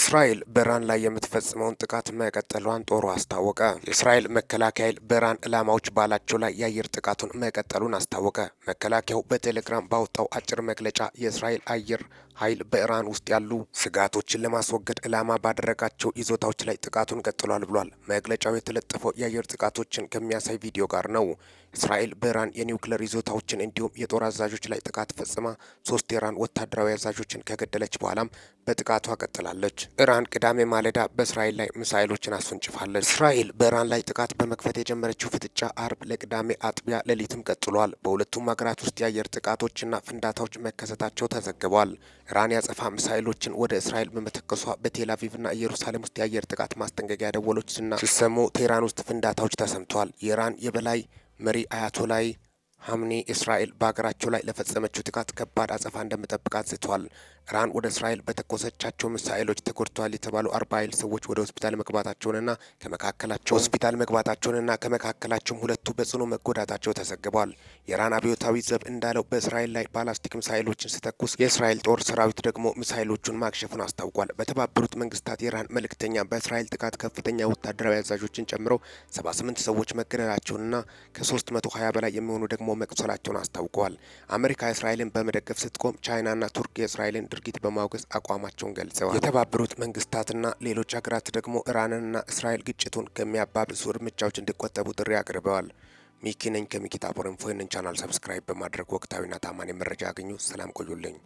እስራኤል በኢራን ላይ የምትፈጽመውን ጥቃት መቀጠሏን ጦሩ አስታወቀ። የእስራኤል መከላከያ ኃይል በኢራን ዕላማዎች ባላቸው ላይ የአየር ጥቃቱን መቀጠሉን አስታወቀ። መከላከያው በቴሌግራም ባወጣው አጭር መግለጫ የእስራኤል አየር ኃይል በኢራን ውስጥ ያሉ ስጋቶችን ለማስወገድ ዕላማ ባደረጋቸው ይዞታዎች ላይ ጥቃቱን ቀጥሏል ብሏል። መግለጫው የተለጠፈው የአየር ጥቃቶችን ከሚያሳይ ቪዲዮ ጋር ነው። እስራኤል በኢራን የኒውክሌር ይዞታዎችን እንዲሁም የጦር አዛዦች ላይ ጥቃት ፈጽማ ሶስት የኢራን ወታደራዊ አዛዦችን ከገደለች በኋላም በጥቃቷ ቀጥላለች። ኢራን ቅዳሜ ማለዳ በእስራኤል ላይ ሚሳኤሎችን አስወንጭፋለች። እስራኤል በኢራን ላይ ጥቃት በመክፈት የጀመረችው ፍጥጫ አርብ ለቅዳሜ አጥቢያ ሌሊትም ቀጥሏል። በሁለቱም ሀገራት ውስጥ የአየር ጥቃቶችና ፍንዳታዎች መከሰታቸው ተዘግቧል። ኢራን ያጸፋ ሚሳኤሎችን ወደ እስራኤል በመተከሷ በቴል አቪቭና ኢየሩሳሌም ውስጥ የአየር ጥቃት ማስጠንቀቂያ ደወሎች ሲሰሙ፣ ቴህራን ውስጥ ፍንዳታዎች ተሰምተዋል። የኢራን የበላይ መሪ አያቶላይ ሀምኒ እስራኤል በሀገራቸው ላይ ለፈጸመችው ጥቃት ከባድ አጸፋ እንደምጠብቅ አዝቷል ኢራን ወደ እስራኤል በተኮሰቻቸው ሚሳኤሎች ተጎድተዋል የተባሉ አርባ ያህል ሰዎች ወደ ሆስፒታል መግባታቸውንና ከመካከላቸው ሆስፒታል መግባታቸውንና ከመካከላቸውም ሁለቱ በጽኑ መጎዳታቸው ተዘግቧል። የኢራን አብዮታዊ ዘብ እንዳለው በእስራኤል ላይ ባላስቲክ ሚሳኤሎችን ስተኩስ የእስራኤል ጦር ሰራዊት ደግሞ ሚሳኤሎቹን ማክሸፉን አስታውቋል። በተባበሩት መንግስታት የኢራን መልእክተኛ በእስራኤል ጥቃት ከፍተኛ ወታደራዊ አዛዦችን ጨምሮ 78 ሰዎች መገደላቸውንና ከ320 በላይ የሚሆኑ ደግሞ መቁሰላቸውን አስታውቀዋል። አሜሪካ እስራኤልን በመደገፍ ስትቆም ቻይናና ቱርክ የእስራኤልን ድርጊት በማውገዝ አቋማቸውን ገልጸዋል። የተባበሩት መንግስታትና ሌሎች ሀገራት ደግሞ ኢራንና እስራኤል ግጭቱን ከሚያባብሱ እርምጃዎች እንዲቆጠቡ ጥሪ አቅርበዋል። ሚኪ ነኝ ከሚኪታ ይህንን ቻናል ሰብስክራይብ በማድረግ ወቅታዊና ታማኝ መረጃ ያገኙ። ሰላም ቆዩልኝ።